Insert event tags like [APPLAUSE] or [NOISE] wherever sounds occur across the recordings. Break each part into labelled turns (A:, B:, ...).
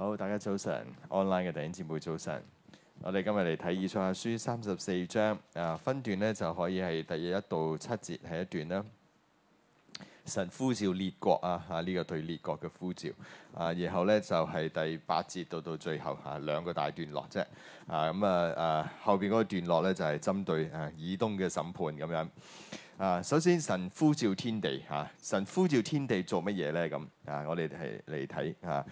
A: 好，大家早晨，online 嘅弟兄姊妹早晨。我哋今日嚟睇《以賽亞書》三十四章啊，分段呢就可以係第一到七節係一段啦。神呼召列國啊，啊、這、呢個對列國嘅呼召啊，然後呢，就係、是、第八節到到最後啊兩個大段落啫啊。咁啊啊後邊嗰個段落呢，就係、是、針對誒、啊、以東嘅審判咁樣。啊！首先，神呼召天地嚇、啊，神呼召天地做乜嘢呢？咁啊，我哋係嚟睇嚇。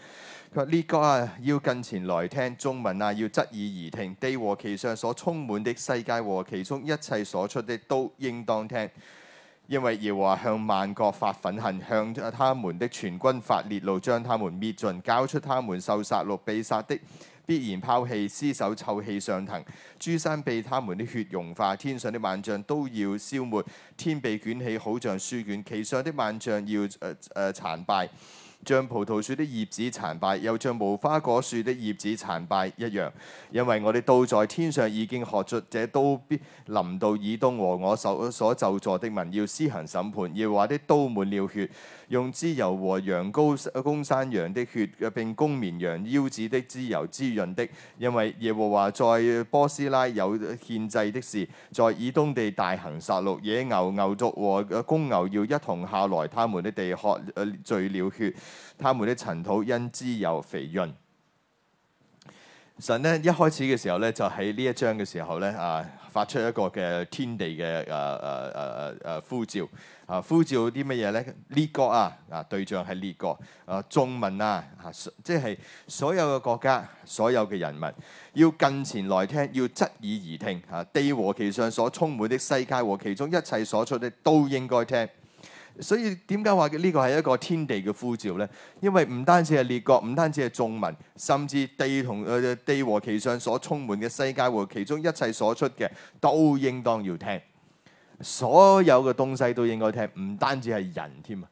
A: 佢列國啊，要近前來聽，眾民，啊，要側耳而聽。地和其上所充滿的，世界和其中一切所出的，都應當聽，因為耶和華向萬國發憤恨，向他們的全軍發烈怒，將他們滅盡，交出他們受殺戮、被殺的。必然拋棄，屍首臭氣上騰，諸山被他們的血融化，天上的萬象都要消滅，天被捲起，好像書卷，其上的萬象要誒誒、呃呃、殘敗，像葡萄樹的葉子殘敗，又像無花果樹的葉子殘敗一樣。因為我哋刀在天上已經學出，這都必臨到以東和我手所咒詛的民，要施行審判，要把啲刀滿了血。用脂油和羊羔、公山羊的血，並公綿羊，羊腰子的脂油滋潤的，因為耶和華在波斯拉有獻祭的事，在以東地大行殺戮，野牛、牛族和公牛要一同下來，他們的地殼醉了血，他們的塵土因脂油肥潤。神呢，一開始嘅時候呢，就喺呢一章嘅時候呢，啊，發出一個嘅天地嘅誒誒誒誒誒呼召。啊！呼召啲乜嘢咧？列國啊，啊，對象係列國啊，眾民啊，嚇，即係所有嘅國家，所有嘅人民，要近前來聽，要側耳而聽。嚇、啊、地和其上所充滿的世界和其中一切所出的都應該聽。所以點解話呢個係一個天地嘅呼召咧？因為唔單止係列國，唔單止係眾民，甚至地同誒，地和其上所充滿嘅世界和其中一切所出嘅都應當要聽。所有嘅東西都應該聽，唔單止係人添啊，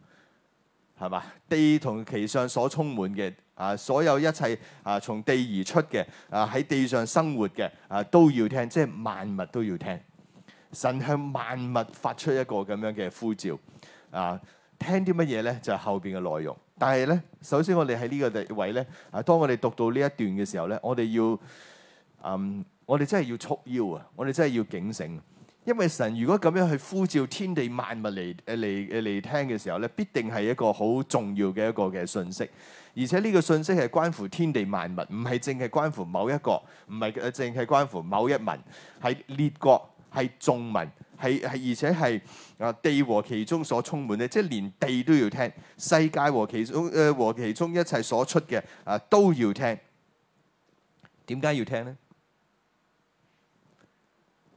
A: 係嘛？地同其上所充滿嘅啊，所有一切啊，從地而出嘅啊，喺地上生活嘅啊，都要聽，即係萬物都要聽。神向萬物發出一個咁樣嘅呼召啊，聽啲乜嘢咧？就係後邊嘅內容。但係咧，首先我哋喺呢個位咧，啊，當我哋讀到呢一段嘅時候咧，我哋要嗯，我哋真係要束腰啊，我哋真係要警醒。因為神如果咁樣去呼召天地萬物嚟誒嚟誒嚟聽嘅時候咧，必定係一個好重要嘅一個嘅信息，而且呢個信息係關乎天地萬物，唔係淨係關乎某一個，唔係誒淨係關乎某一民，係列國，係眾民，係係而且係啊地和其中所充滿嘅，即係連地都要聽，世界和其中誒和其中一切所出嘅啊都要聽，點解要聽咧？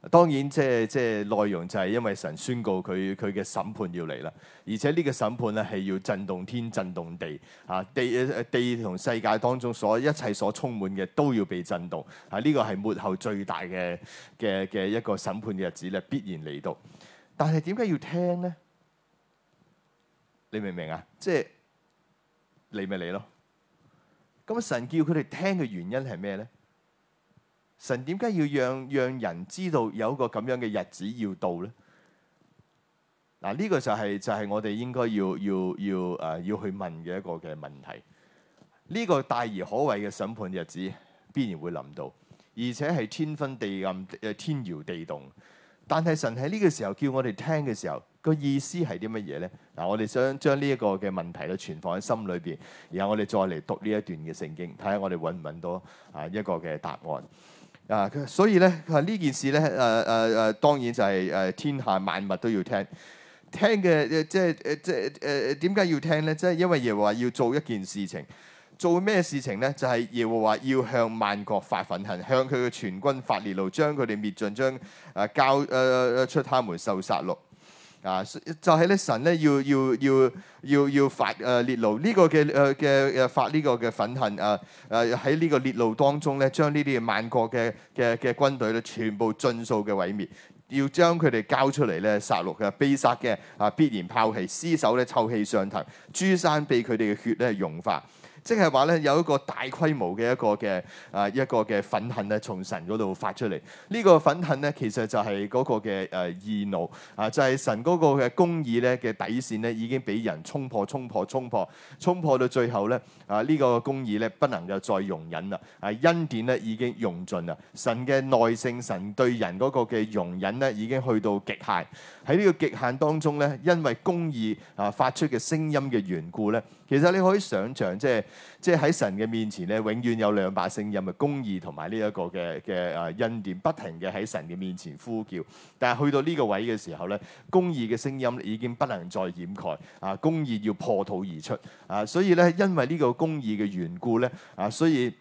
A: 當然，即係即係內容就係因為神宣告佢佢嘅審判要嚟啦，而且呢個審判咧係要震動天、震動地，嚇、啊、地、啊、地同世界當中所一切所充滿嘅都要被震動。嚇呢個係末後最大嘅嘅嘅一個審判嘅日子咧，必然嚟到。但係點解要聽咧？你明唔明啊？即係，你咪嚟咯。咁神叫佢哋聽嘅原因係咩咧？神點解要讓讓人知道有一個咁樣嘅日子要到呢？嗱、啊，呢、這個就係、是、就係、是、我哋應該要要要誒、啊、要去問嘅一個嘅問題。呢、這個大而可畏嘅審判日子必然會臨到，而且係天昏地暗誒，天搖地動。但係神喺呢個時候叫我哋聽嘅時候，個意思係啲乜嘢呢？嗱、啊，我哋想將呢一,一個嘅問題咧，存放喺心裏邊，然後我哋再嚟讀呢一段嘅聖經，睇下我哋揾唔揾到啊一個嘅答案。啊，所以咧，呢件事咧，誒誒誒，當然就係、是、誒、啊、天下萬物都要聽，聽嘅，即係誒即係誒誒，點、呃、解、呃呃、要聽咧？即係因為耶和華要做一件事情，做咩事情咧？就係、是、耶和華要向萬國發憤恨，向佢嘅全軍發烈怒，將佢哋滅盡，將誒交誒、呃、出他們受殺戮。啊！就係、是、咧，神咧要要要要要發誒烈怒呢、這個嘅誒嘅誒發呢個嘅憤恨啊！誒喺呢個烈怒當中咧，將呢啲萬國嘅嘅嘅軍隊咧，全部盡數嘅毀滅，要將佢哋交出嚟咧殺戮嘅被殺嘅啊！必然拋棄屍首咧臭氣上騰，諸山被佢哋嘅血咧融化。即係話咧，有一個大規模嘅一個嘅啊一個嘅憤恨咧，從神嗰度發出嚟。這個、呢個憤恨咧，其實就係嗰個嘅誒義怒啊，就係、是、神嗰個嘅公義咧嘅底線咧，已經俾人衝破、衝破、衝破、衝破到最後咧啊！呢、這個公義咧，不能夠再容忍啦。啊，恩典咧已經用盡啦。神嘅耐性，神對人嗰個嘅容忍咧，已經去到極限。喺呢個極限當中咧，因為公義啊發出嘅聲音嘅緣故咧。其實你可以想像，即係即係喺神嘅面前咧，永遠有兩把聲音啊，公義同埋呢一個嘅嘅啊恩典，不停嘅喺神嘅面前呼叫。但係去到呢個位嘅時候咧，公義嘅聲音已經不能再掩蓋啊！公義要破土而出啊！所以咧，因為呢個公義嘅緣故咧啊，所以。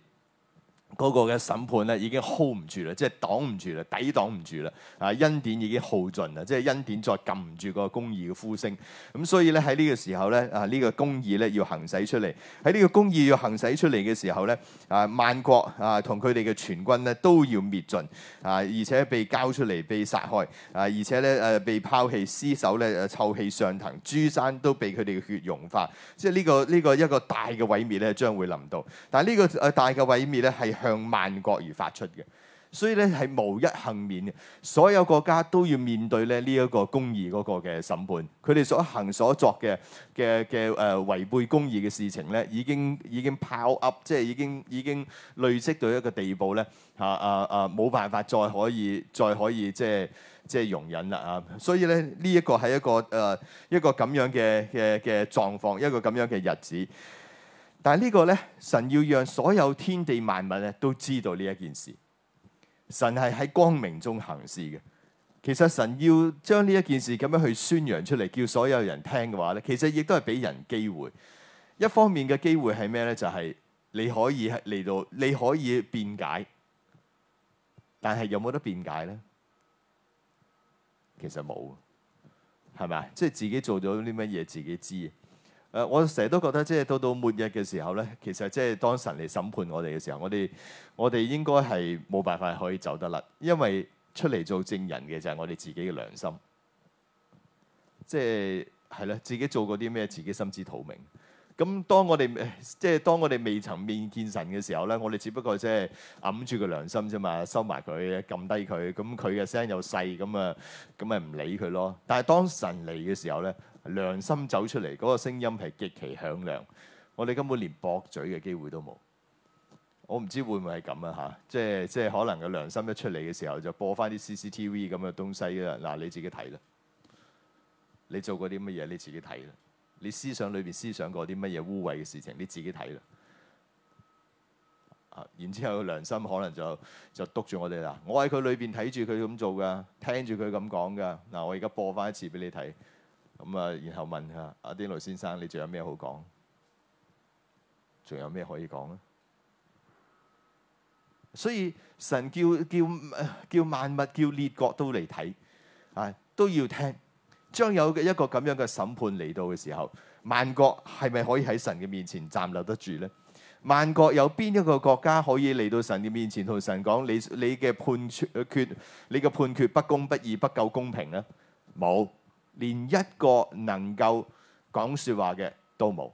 A: 嗰個嘅審判咧已經 hold 唔住啦，即係擋唔住啦，抵擋唔住啦，啊，恩典已經耗盡啦，即係恩典再撳唔住個公義嘅呼聲。咁所以咧喺呢個時候咧，啊呢個公義咧要行使出嚟。喺呢個公義要行使出嚟嘅時候咧，啊萬國啊同佢哋嘅全軍咧都要滅盡啊，而且被交出嚟被殺害啊，而且咧誒被拋棄屍首咧，誒臭氣上騰，諸山都被佢哋嘅血融化，即係呢個呢個一個大嘅毀滅咧將會臨到。但係呢個誒大嘅毀滅咧係。向萬國而發出嘅，所以咧係無一幸免嘅，所有國家都要面對咧呢一個公義嗰個嘅審判。佢哋所行所作嘅嘅嘅誒違背公義嘅事情咧，已經已經 pile up，即係已經已經累積到一個地步咧，啊啊啊，冇、啊、辦法再可以再可以即係即係容忍啦啊！所以咧呢一個係、啊、一個誒一個咁樣嘅嘅嘅狀況，一個咁樣嘅日子。但係呢個呢，神要讓所有天地萬物咧都知道呢一件事，神係喺光明中行事嘅。其實神要將呢一件事咁樣去宣揚出嚟，叫所有人聽嘅話呢，其實亦都係俾人機會。一方面嘅機會係咩呢？就係你可以嚟到，你可以辯解，但係有冇得辯解呢？其實冇，係咪？即係自己做咗啲乜嘢，自己知。誒，我成日都覺得，即係到到末日嘅時候咧，其實即係當神嚟審判我哋嘅時候，我哋我哋應該係冇辦法可以走得甩。因為出嚟做證人嘅就係我哋自己嘅良心，即係係啦，自己做過啲咩，自己心知肚明。咁當我哋即係當我哋未曾面見神嘅時候咧，我哋只不過即係揞住個良心啫嘛，收埋佢，撳低佢，咁佢嘅聲又細，咁啊咁咪唔理佢咯。但係當神嚟嘅時候咧，良心走出嚟嗰、那個聲音係極其響亮，我哋根本連駁嘴嘅機會都冇。我唔知會唔會係咁啊？嚇，即係即係可能個良心一出嚟嘅時候，就播翻啲 CCTV 咁嘅東西啦。嗱、啊，你自己睇啦，你做過啲乜嘢？你自己睇啦，你思想裏邊思想過啲乜嘢污穢嘅事情？你自己睇啦、啊。然之後良心可能就就督住我哋啦、啊。我喺佢裏邊睇住佢咁做噶，聽住佢咁講噶。嗱、啊，我而家播翻一次俾你睇。咁啊，然後問下阿丁老先生，你仲有咩好講？仲有咩可以講咧？所以神叫叫叫萬物叫列國都嚟睇啊，都要聽。將有嘅一個咁樣嘅審判嚟到嘅時候，萬國係咪可以喺神嘅面前站立得住呢？萬國有邊一個國家可以嚟到神嘅面前同神講，你你嘅判決，你嘅判決不公不義，不夠公平呢？冇。連一個能夠講説話嘅都冇，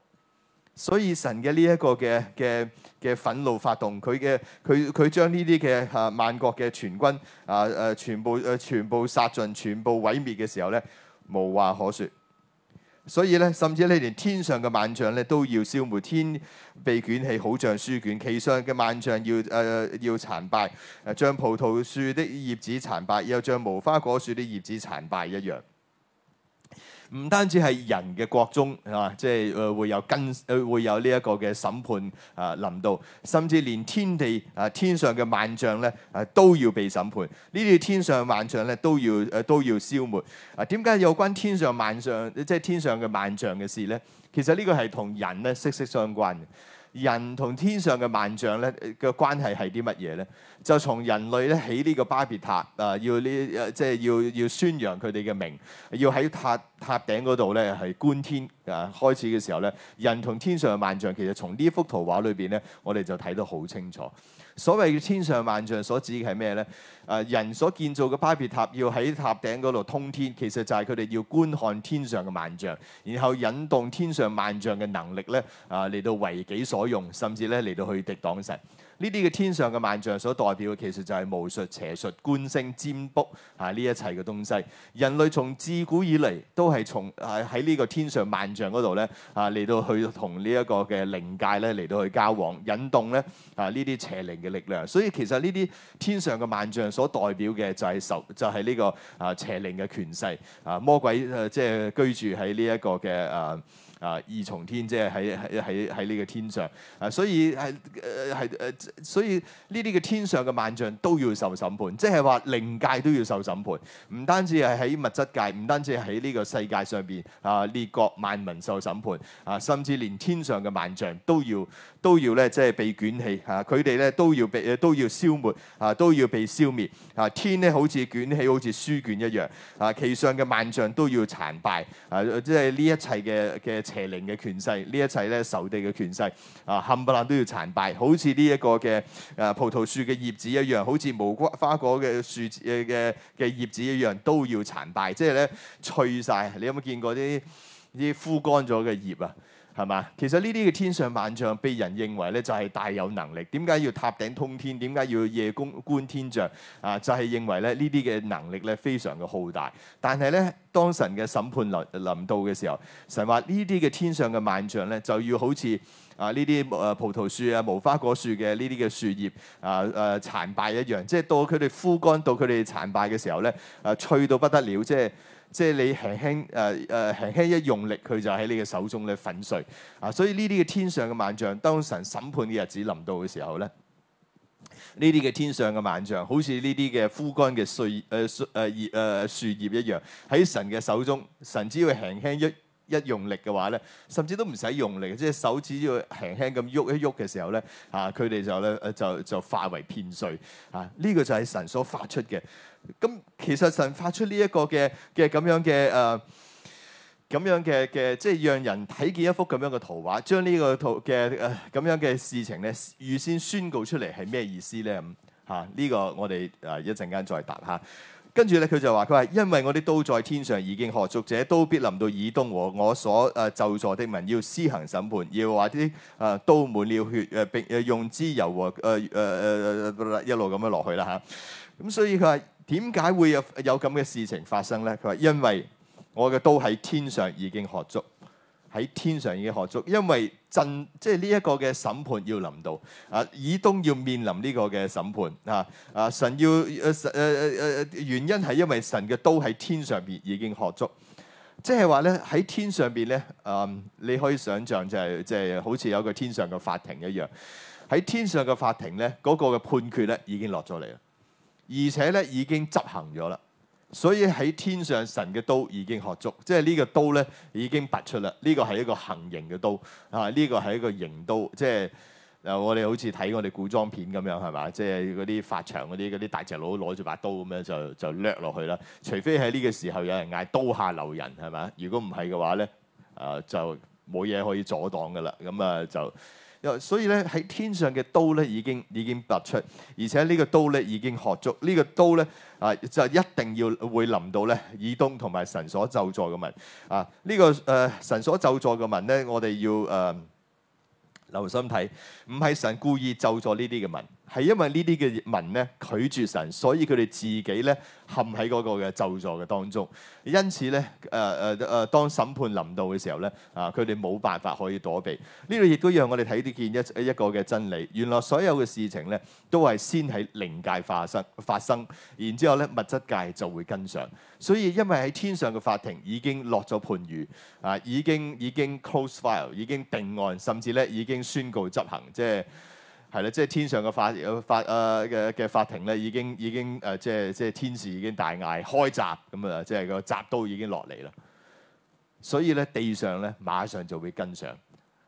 A: 所以神嘅呢一個嘅嘅嘅憤怒發動，佢嘅佢佢將呢啲嘅嚇萬國嘅全軍啊誒，全部誒、啊、全部殺盡，全部毀滅嘅時候咧，無話可説。所以咧，甚至你連天上嘅萬象咧都要消滅，天被捲起，好像書卷，其上嘅萬象要誒、啊、要殘敗，像葡萄樹的葉子殘敗，又像無花果樹的葉子殘敗一樣。唔單止係人嘅國中係嘛，即係誒會有跟會有呢一個嘅審判啊臨到，甚至連天地啊天上嘅萬象咧啊都要被審判，呢啲天上萬象咧都要誒都要消滅啊！點解有關天上萬象即係天上嘅萬象嘅事咧？其實呢個係同人咧息息相關嘅。人同天上嘅萬象咧嘅關係係啲乜嘢咧？就從人類咧起呢個巴別塔啊、呃，要呢誒即係要要宣揚佢哋嘅名，要喺塔塔頂嗰度咧係觀天啊、呃。開始嘅時候咧，人同天上嘅萬象其實從呢幅圖畫裏邊咧，我哋就睇得好清楚。所謂嘅天上萬象所指嘅係咩呢？誒人所建造嘅巴別塔要喺塔頂嗰度通天，其實就係佢哋要觀看天上嘅萬象，然後引動天上萬象嘅能力呢誒嚟到為己所用，甚至呢嚟到去敵擋神。呢啲嘅天上嘅萬象所代表嘅，其實就係巫術、邪術、觀星、占卜啊，呢一切嘅東西。人類從自古以嚟都係從啊喺呢個天上萬象嗰度咧啊嚟到去同呢一個嘅靈界咧嚟到去交往、引動咧啊呢啲邪靈嘅力量。所以其實呢啲天上嘅萬象所代表嘅就係受就係呢個啊邪靈嘅權勢啊魔鬼誒即係居住喺呢一個嘅啊。啊！二重天即係喺喺喺喺呢個天上啊，所以係誒係誒，所以呢啲嘅天上嘅萬象都要受審判，即係話靈界都要受審判，唔單止係喺物質界，唔單止係喺呢個世界上邊啊，列國萬民受審判啊，甚至連天上嘅萬象都要都要咧，即係被捲起吓，佢哋咧都要被都要消滅啊，都要被消滅啊，天咧好似捲起好似書卷一樣啊，其上嘅萬象都要殘敗啊，即係呢一切嘅嘅。啊邪靈嘅權勢，呢一切咧仇地嘅權勢啊，冚唪唥都要殘敗，好似呢一個嘅誒、啊、葡萄樹嘅葉子一樣，好似無瓜花果嘅樹誒嘅嘅葉子一樣，都要殘敗，即係咧脆晒。你有冇見過啲啲枯乾咗嘅葉啊？係嘛？其實呢啲嘅天上萬象，被人認為咧就係大有能力。點解要塔頂通天？點解要夜觀觀天象？啊，就係、是、認為咧呢啲嘅能力咧非常嘅浩大。但係咧，當神嘅審判臨臨到嘅時候，神話呢啲嘅天上嘅萬象咧就要好似，啊！呢啲誒葡萄樹啊、無花果樹嘅呢啲嘅樹葉啊啊、呃、殘敗一樣，即係到佢哋枯乾、到佢哋殘敗嘅時候咧，啊脆到不得了，即係即係你輕輕誒誒、啊啊、輕輕一用力，佢就喺你嘅手中咧粉碎啊！所以呢啲嘅天上嘅萬象，當神審判嘅日子臨到嘅時候咧，呢啲嘅天上嘅萬象，好似呢啲嘅枯乾嘅樹誒、呃、樹誒、呃、葉誒樹葉一樣，喺神嘅手中，神只要輕輕一一用力嘅話咧，甚至都唔使用，用力，即係手指要輕輕咁喐一喐嘅時候咧，啊，佢哋就咧，就就化為片碎啊！呢、這個就係神所發出嘅。咁、啊、其實神發出呢一個嘅嘅咁樣嘅誒，咁、啊、樣嘅嘅，即係讓人睇見一幅咁樣嘅圖畫，將呢個圖嘅誒咁樣嘅事情咧，預先宣告出嚟係咩意思咧？咁啊，呢、這個我哋誒一陣間再答吓。跟住咧，佢就話：佢話因為我啲刀在天上已經喝足，者都必臨到以東和我所誒咒詛的民，要施行審判，要話啲誒刀滿了血誒並誒用脂油和誒誒誒一路咁樣落去啦嚇。咁、嗯、所以佢話點解會有有咁嘅事情發生咧？佢話因為我嘅刀喺天上已經喝足。喺天上已經喝足，因為震即係呢一個嘅審判要臨到啊，以東要面臨呢個嘅審判啊啊！神要誒神誒誒誒原因係因為神嘅刀喺天上邊已經喝足，即係話咧喺天上邊咧啊，你可以想象就係即係好似有個天上嘅法庭一樣，喺天上嘅法庭咧嗰個嘅判決咧已經落咗嚟啦，而且咧已經執行咗啦。所以喺天上神嘅刀已經學足，即係呢個刀咧已經拔出啦。呢個係一個行刑嘅刀，啊呢個係一個刑刀，即係啊我哋好似睇我哋古裝片咁樣係嘛，即係嗰啲法場嗰啲嗰啲大隻佬攞住把刀咁樣就就掠落去啦。除非喺呢個時候有人嗌刀下留人係咪？如果唔係嘅話咧，啊就冇嘢可以阻擋㗎啦，咁啊就。所以咧喺天上嘅刀咧已經已經拔出，而且呢個刀咧已經喝足，呢、這個刀咧啊就一定要會臨到咧以東同埋神所咒詛嘅民。啊呢、這個誒、呃、神所咒詛嘅民咧，我哋要誒、呃、留心睇，唔係神故意咒詛呢啲嘅民。係因為呢啲嘅民咧拒絕神，所以佢哋自己咧陷喺嗰個嘅咒詛嘅當中。因此咧，誒誒誒，當審判臨到嘅時候咧，啊，佢哋冇辦法可以躲避。呢度亦都讓我哋睇啲見一一一個嘅真理。原來所有嘅事情咧，都係先喺靈界發生，發生，然之後咧，物質界就會跟上。所以因為喺天上嘅法庭已經落咗判語，啊，已經已經 close file，已經定案，甚至咧已經宣告執行，即係。係啦，即係天上嘅法法誒嘅嘅法庭咧，已經已經誒，即係即係天使已經大嗌開閘咁啊，即係個閘刀已經落嚟啦。所以咧，地上咧馬上就會跟上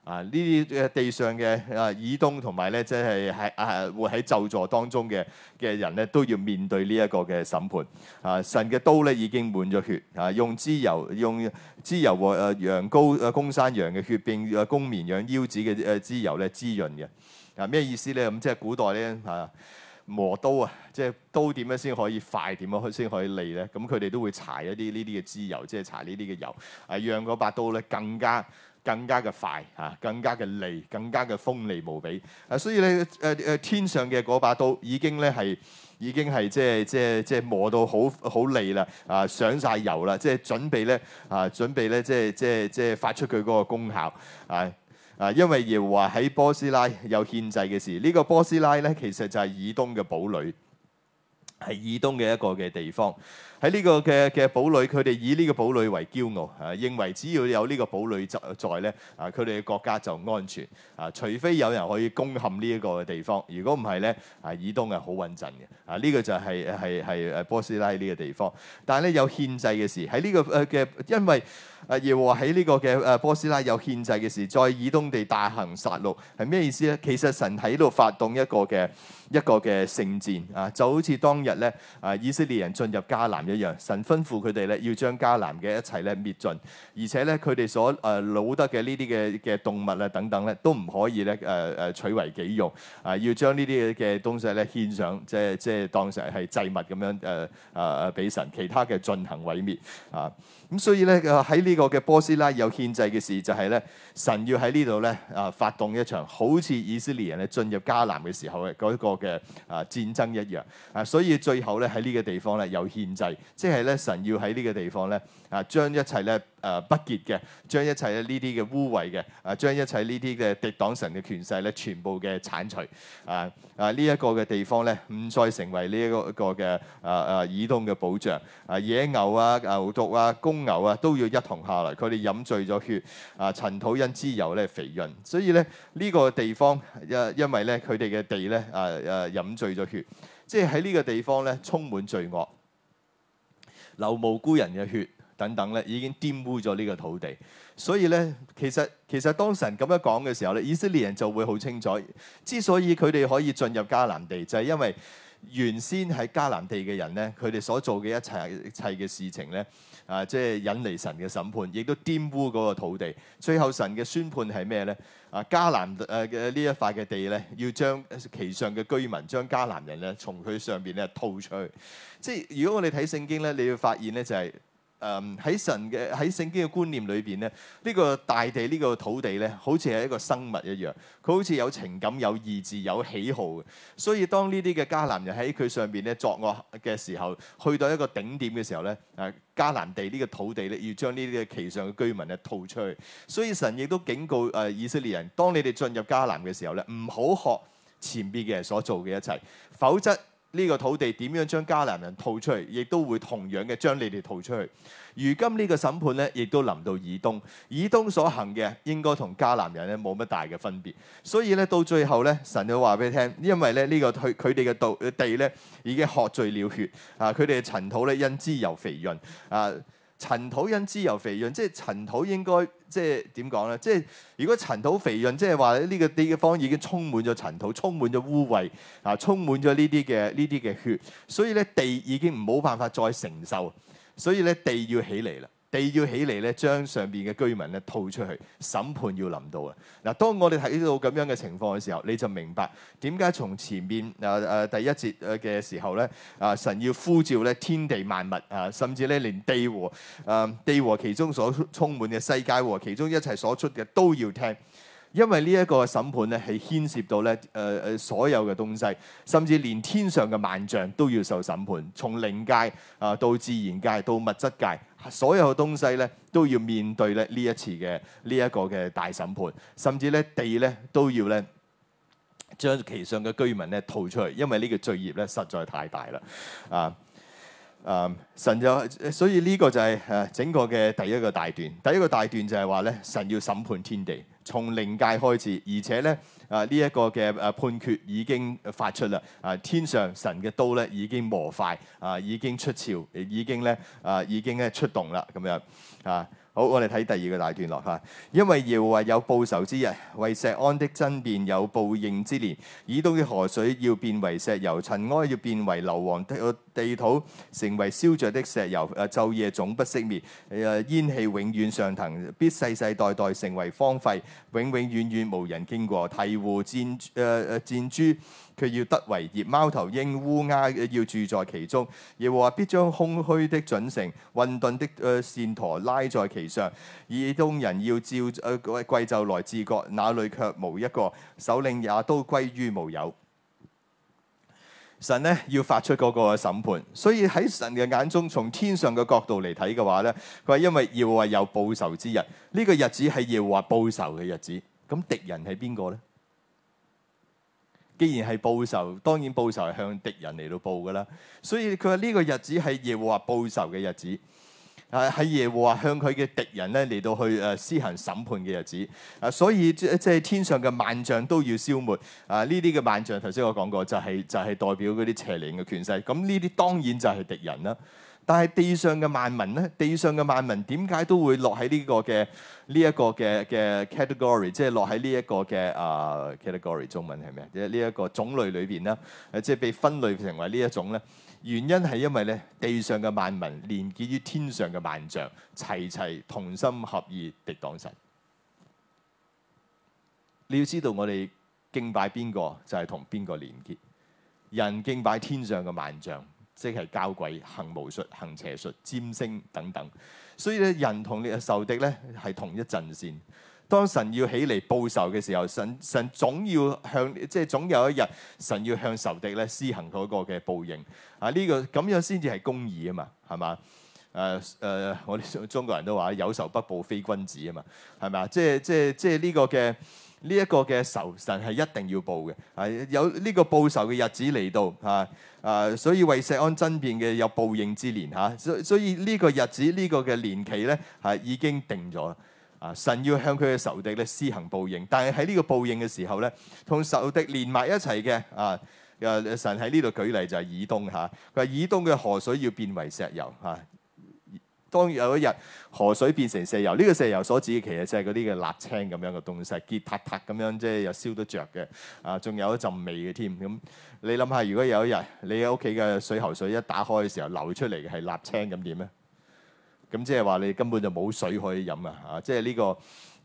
A: 啊。呢啲嘅地上嘅啊，以東同埋咧，即係係啊，喺咒詛當中嘅嘅人咧，都要面對呢一個嘅審判啊。神嘅刀咧已經滿咗血啊，用脂油用脂油和誒羊羔、啊，公山羊嘅血，並啊公綿羊腰子嘅誒脂油咧，滋潤嘅。嗱咩、啊、意思咧？咁即係古代咧，啊磨刀啊，即係刀點樣先可以快？點樣佢先可以利咧？咁佢哋都會搽一啲呢啲嘅脂油，即係搽呢啲嘅油，係讓嗰把刀咧更加更加嘅快，嚇、啊、更加嘅利，更加嘅鋒利無比。啊，所以咧誒誒，天上嘅嗰把刀已經咧係已經係即係即係即係磨到好好利啦，啊上晒油啦，即係準備咧啊準備咧，即係即係即係發出佢嗰個功效啊！啊啊，因為耶和華喺波斯拉有獻祭嘅事。呢個波斯拉咧，其實就係以東嘅堡壘，係以東嘅一個嘅地方。喺呢個嘅嘅堡壘，佢哋以呢個堡壘為驕傲，啊，認為只要有呢個堡壘在咧，啊，佢哋嘅國家就安全。啊，除非有人可以攻陷呢一個嘅地方，如果唔係咧，啊，以東係好穩陣嘅。啊，呢個就係係係誒波斯拉呢個地方。但係咧有獻祭嘅事喺呢個誒嘅、呃，因為。啊！耶和華喺呢個嘅誒波斯拉有獻祭嘅時，再以東地大行殺戮係咩意思咧？其實神喺度發動一個嘅一個嘅聖戰啊，就好似當日咧啊，以色列人進入迦南一樣。神吩咐佢哋咧要將迦南嘅一切咧滅盡，而且咧佢哋所誒攞、啊、得嘅呢啲嘅嘅動物啊等等咧，都唔可以咧誒誒取為己用啊，要將呢啲嘅嘅東西咧獻上，即係即係當成係祭物咁樣誒啊啊俾、啊、神其他嘅進行毀滅啊。咁所以咧，喺呢個嘅波斯拉有獻祭嘅事，就係咧神要喺呢度咧，啊發動一場好似以色列人咧進入迦南嘅時候嘅嗰一個嘅啊戰爭一樣啊，所以最後咧喺呢個地方咧有獻祭，即係咧神要喺呢個地方咧啊將一切咧誒不潔嘅，將一切呢啲嘅污穢嘅啊，將一切呢啲嘅敵擋神嘅權勢咧全部嘅鏟除啊啊，呢一個嘅地方咧唔再成為呢一個一個嘅誒誒以東嘅保障啊野牛，啊牛犢，啊牛啊都要一同下嚟，佢哋飲醉咗血啊，塵、呃、土因脂油咧肥潤，所以咧呢、這個地方因因為咧佢哋嘅地咧啊啊飲醉咗血，即係喺呢個地方咧充滿罪惡，流無辜人嘅血等等咧已經玷污咗呢個土地，所以咧其實其實當神咁樣講嘅時候咧，以色列人就會好清楚，之所以佢哋可以進入迦南地，就係、是、因為原先喺迦南地嘅人咧，佢哋所做嘅一切一切嘅事情咧。啊！即係引嚟神嘅審判，亦都玷污嗰個土地。最後神嘅宣判係咩咧？啊迦南誒嘅呢一塊嘅地咧，要將其上嘅居民，將迦南人咧，從佢上邊咧吐出去。即係如果我哋睇聖經咧，你要發現咧就係、是。誒喺神嘅喺聖經嘅觀念裏邊咧，呢、這個大地呢個土地咧，好似係一個生物一樣，佢好似有情感、有意志、有喜好嘅。所以當呢啲嘅迦南人喺佢上邊咧作惡嘅時候，去到一個頂點嘅時候咧，誒迦南地呢個土地咧要將呢啲嘅其上嘅居民咧吐出去。所以神亦都警告誒以色列人，當你哋進入迦南嘅時候咧，唔好學前邊嘅人所做嘅一切，否則。呢個土地點樣將迦南人吐出嚟，亦都會同樣嘅將你哋吐出去。如今呢個審判咧，亦都臨到以東，以東所行嘅應該同迦南人咧冇乜大嘅分別。所以咧，到最後咧，神就話俾你聽，因為咧呢個佢佢哋嘅道地咧已經喝醉了血啊，佢哋嘅塵土咧因之又肥潤啊。塵土因脂油肥潤，即係塵土應該即係點講咧？即係如果塵土肥潤，即係話呢個地嘅方已經充滿咗塵土，充滿咗污穢啊，充滿咗呢啲嘅呢啲嘅血，所以咧，地已經冇辦法再承受，所以咧，地要起嚟啦。地要起嚟咧，將上邊嘅居民咧套出去。審判要臨到啊！嗱，當我哋睇到咁樣嘅情況嘅時候，你就明白點解從前面啊啊、呃呃、第一節嘅時候咧啊、呃，神要呼召咧天地萬物啊，甚至咧連地和啊、呃、地和其中所充滿嘅世界和其中一切所出嘅都要聽，因為呢一個審判咧係牽涉到咧誒誒所有嘅東西，甚至連天上嘅萬象都要受審判，從靈界啊、呃、到自然界到物質界。所有東西咧都要面對咧呢一次嘅呢一個嘅大審判，甚至咧地咧都要咧將其上嘅居民咧吐出去，因為呢個罪孽咧實在太大啦啊！啊、嗯！神就所以呢個就係、是、誒、啊、整個嘅第一個大段，第一個大段就係話咧神要審判天地，從靈界開始，而且咧啊呢一個嘅誒判決已經發出啦！啊天上神嘅刀咧已經磨快，啊已經出鞘，已經咧啊已經咧出動啦咁樣啊！好，我哋睇第二個大段落吓、啊，因為耶和華有報仇之日，為錫安的爭辯有報應之年，以東嘅河水要變為石油，塵埃要變為硫磺的。啊地土成為燒着的石油，誒、呃、晝夜總不熄滅，誒、呃、煙氣永遠上騰，必世世代代成為荒廢，永永遠遠無人經過。鵜鶘、箭誒誒、呃、箭豬，卻要得為業，貓頭鷹、烏鴉要住在其中。耶和華必將空虛的準繩、混沌的誒線鉈拉在其上，以東人要召誒貴、呃、貴冑來治國，那裏卻無一個，首領也都歸於無有。神咧要發出嗰個審判，所以喺神嘅眼中，從天上嘅角度嚟睇嘅話咧，佢話因為耶和華有報仇之日，呢、這個日子係耶和華報仇嘅日子。咁敵人係邊個咧？既然係報仇，當然報仇係向敵人嚟到報噶啦。所以佢話呢個日子係耶和華報仇嘅日子。喺、啊、耶和華向佢嘅敵人咧嚟到去誒施、啊、行審判嘅日子啊，所以即即、啊、天上嘅萬象都要消滅啊！呢啲嘅萬象頭先我講過就係、是、就係、是、代表嗰啲邪靈嘅權勢，咁呢啲當然就係敵人啦。但係地上嘅萬民咧，地上嘅萬民點解都會落喺呢個嘅呢一個嘅嘅 category，即係落喺呢一個嘅、這個、啊 category，中文係咩？即係呢一個種類裏邊啦，誒、啊、即係被分類成為呢一種咧。原因係因為咧，地上嘅萬民連結於天上嘅萬象，齊齊同心合意敵擋神。你要知道，我哋敬拜邊個就係同邊個連結。人敬拜天上嘅萬象，即係交鬼、行巫術、行邪術、占星等等。所以咧，人同你受敵咧，係同一陣線。當神要起嚟報仇嘅時候，神神總要向即係總有一日，神要向仇敵咧施行嗰個嘅報應。啊，呢、這個咁樣先至係公義啊嘛，係嘛？誒、啊、誒、呃，我哋中國人都話有仇不報非君子啊嘛，係咪？即係即係即係呢個嘅呢一個嘅仇，神係一定要報嘅。啊，有呢個報仇嘅日子嚟到啊啊，所以為錫安爭辯嘅有報應之年嚇、啊。所以所以呢個日子呢、這個嘅年期咧係、啊、已經定咗。啊！神要向佢嘅仇敵咧施行報應，但係喺呢個報應嘅時候咧，同仇敵連埋一齊嘅啊！神喺呢度舉例就係、是、以東嚇，佢、啊、話以東嘅河水要變為石油嚇、啊。當有一日河水變成石油，呢、這個石油所指嘅其實就係嗰啲嘅瀝青咁樣嘅東西，結塔塔咁樣即係又燒得着嘅啊，仲有一陣味嘅添。咁你諗下，如果有一日你喺屋企嘅水喉水一打開嘅時候流出嚟嘅係瀝青咁點咧？咁即係話你根本就冇水可以飲啊！啊，即係呢個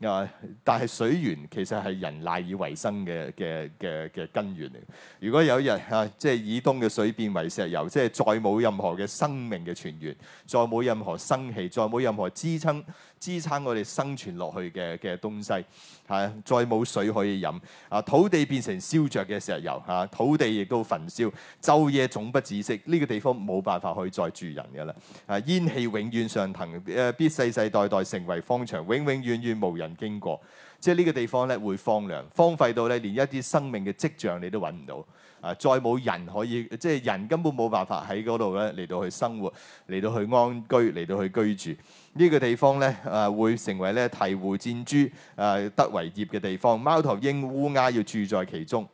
A: 啊，但係水源其實係人賴以為生嘅嘅嘅嘅根源嚟。如果有一日嚇，即係以東嘅水變為石油，即係再冇任何嘅生命嘅泉源，再冇任何生氣，再冇任何支撐。支撐我哋生存落去嘅嘅東西，啊，再冇水可以飲，啊，土地變成燒着嘅石油，啊，土地亦都焚燒，晝夜總不止息。呢個地方冇辦法可以再住人嘅啦，啊，煙氣永遠上騰，誒、呃，必世世代代成為荒場，永永遠遠無人經過。即係呢個地方咧會荒涼、荒廢到咧連一啲生命嘅跡象你都搵唔到，啊，再冇人可以，即係人根本冇辦法喺嗰度咧嚟到去生活，嚟到去安居，嚟到去居住。呢個地方咧，誒、啊、會成為咧鵜鶘、箭豬誒得為業嘅地方，貓頭鷹、烏鴉要住在其中。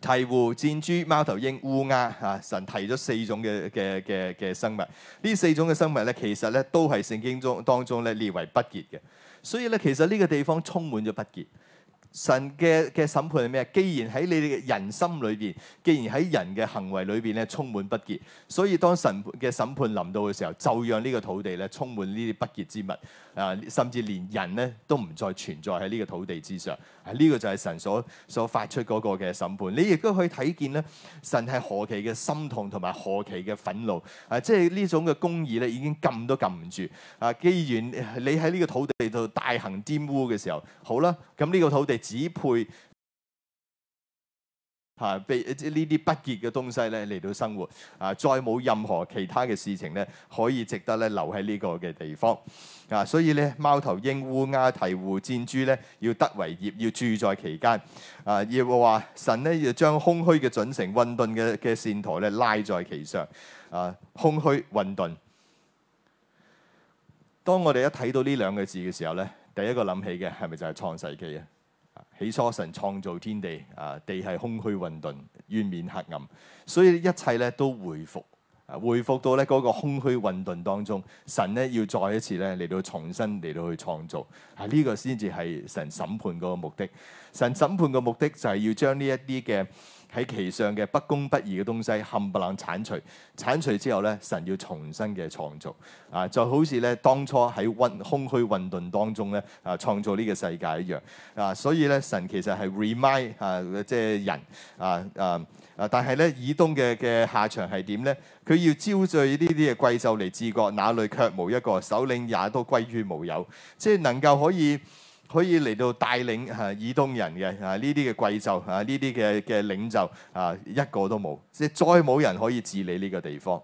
A: 鵜鶘、箭豬、貓頭鷹、烏鴉，啊！神提咗四種嘅嘅嘅嘅生物，呢四種嘅生物咧，其實咧都係聖經中當中咧列為不潔嘅，所以咧其實呢個地方充滿咗不潔。神嘅嘅審判係咩？既然喺你哋嘅人心裏邊，既然喺人嘅行為裏邊咧充滿不潔，所以當神嘅審判臨到嘅時候，就讓呢個土地咧充滿呢啲不潔之物啊，甚至連人咧都唔再存在喺呢個土地之上。啊，呢個就係神所所發出嗰個嘅審判。你亦都可以睇見咧，神係何其嘅心痛同埋何其嘅憤怒啊！即係呢種嘅公義咧已經禁都禁唔住啊！既然你喺呢個土地度大行玷污嘅時候，好啦，咁呢個土地。只配吓被呢啲不潔嘅東西咧嚟到生活啊！再冇任何其他嘅事情咧可以值得咧留喺呢個嘅地方啊！所以咧貓頭鷹、烏鴉、鵜鶘、箭豬咧要得為業，要住在其間啊！亦話神咧要將空虛嘅準繩、混沌嘅嘅線駝咧拉在其上啊！空虛混沌，當我哋一睇到呢兩個字嘅時候咧，第一個諗起嘅係咪就係創世記啊？起初神創造天地，啊，地係空虛混沌、淵面黑暗，所以一切咧都回復，啊，回復到咧嗰個空虛混沌當中，神咧要再一次咧嚟到重新嚟到去創造，啊，呢個先至係神審判嗰個目的，神審判嘅目的就係要將呢一啲嘅喺其上嘅不公不義嘅東西冚唪唥剷除，剷除之後咧，神要重新嘅創造啊！就好似咧當初喺溫空虛混沌當中咧啊，創造呢個世界一樣啊！所以咧，神其實係 remind 啊，即係人啊啊啊！但係咧，以東嘅嘅下場係點咧？佢要招聚呢啲嘅貴胄嚟治國，那裏卻無一個，首領也都歸於無有，即係能夠可以。可以嚟到帶領啊以東人嘅啊呢啲嘅貴胄啊呢啲嘅嘅領袖啊一個都冇，即係再冇人可以治理呢個地方。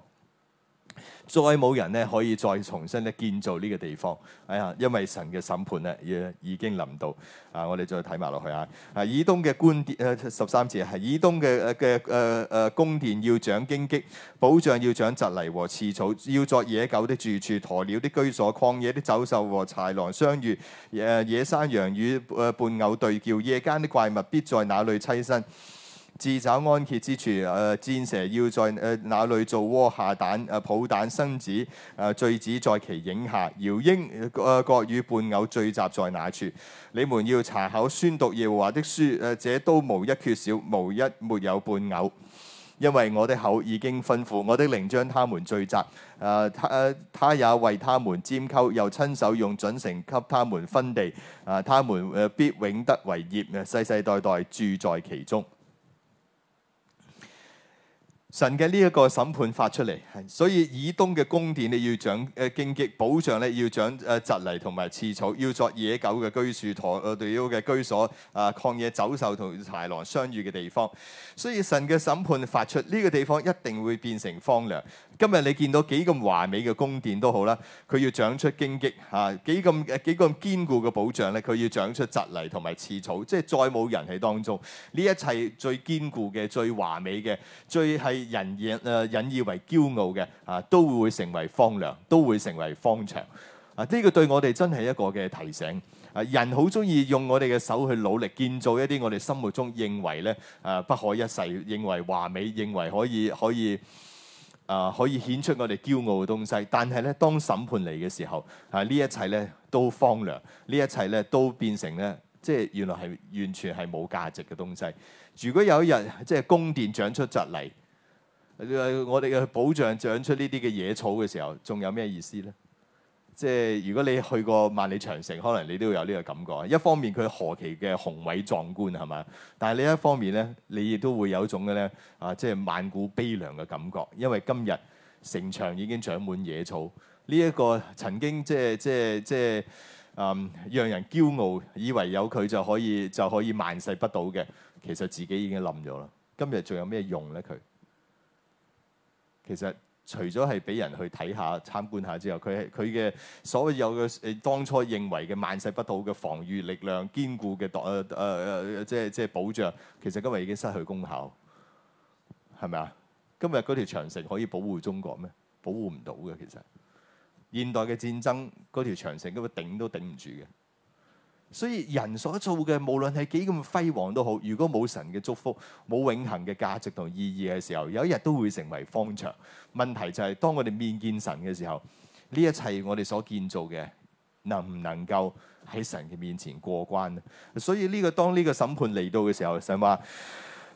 A: 再冇人呢，可以再重新咧建造呢個地方，哎呀，因為神嘅審判呢已已經臨到啊！我哋再睇埋落去啊！以東嘅觀點，誒、呃，十三節係以東嘅嘅誒誒宮殿要長荊棘，保障要長蒺藜和刺草，要作野狗的住處，鴕鳥的居所，曠野的走獸和豺狼相遇，誒、呃，野山羊與誒伴偶對叫，夜間的怪物必在那裏棲身。自找安歇之處，誒、呃、箭蛇要在誒哪裏做窩下蛋，誒抱蛋生子，誒、呃、聚子在其影下。鷂鷹誒、呃、各與伴偶聚集在哪處。你們要查考宣讀耶和華的書，誒、呃、這都無一缺少，無一沒有伴偶。因為我的口已經吩咐，我的靈將他們聚集，誒、呃、他、呃、他也為他們占溝，又親手用準繩給他們分地，啊、呃，他們誒必永得為業，世世代，代代住在其中。神嘅呢一個審判發出嚟，所以以東嘅宮殿你要長誒，荊、啊、棘保障咧要長誒，蒺藜同埋刺草，要作野狗嘅居住台誒，鴕鳥嘅居所，啊，曠、呃、野走獸同豺狼相遇嘅地方。所以神嘅審判發出，呢、這個地方一定會變成荒涼。今日你見到幾咁華美嘅宮殿都好啦，佢要長出荊棘啊；幾咁幾咁堅固嘅保障咧，佢要長出蒺藜同埋刺草。即係再冇人喺當中，呢一切最堅固嘅、最華美嘅、最係人引誒引以為驕傲嘅，啊都會成為荒涼，都會成為荒場。啊，呢、呢個對我哋真係一個嘅提醒。啊，人好中意用我哋嘅手去努力建造一啲我哋心目中認為咧啊不可一世、認為華美、認為可以可以。啊、呃，可以顯出我哋驕傲嘅東西，但係咧，當審判嚟嘅時候，啊，呢一切咧都荒涼，呢一切咧都變成咧，即係原來係完全係冇價值嘅東西。如果有一日，即係宮殿長出蒺藜，我哋嘅保障長出呢啲嘅野草嘅時候，仲有咩意思咧？即係如果你去過萬里長城，可能你都會有呢個感覺。一方面佢何其嘅宏偉壯觀，係咪？但係另一方面呢，你亦都會有一種嘅咧，啊，即係萬古悲涼嘅感覺。因為今日城牆已經長滿野草，呢一個曾經即係即係即係啊，讓人驕傲，以為有佢就可以就可以萬世不倒嘅，其實自己已經冧咗啦。今日仲有咩用呢？佢其實。除咗係俾人去睇下、參觀下之後，佢係佢嘅所謂嘅誒，當初認為嘅萬世不倒嘅防禦力量堅固嘅誒誒誒，即係即係保障，其實今日已經失去功效，係咪啊？今日嗰條長城可以保護中國咩？保護唔到嘅其實，現代嘅戰爭嗰條長城根本頂都頂唔住嘅。所以人所做嘅，無論係幾咁輝煌都好，如果冇神嘅祝福，冇永恒嘅價值同意義嘅時候，有一日都會成為方丈。問題就係、是、當我哋面見神嘅時候，呢一切我哋所建造嘅，能唔能夠喺神嘅面前過關？所以呢、這個當呢個審判嚟到嘅時候，想話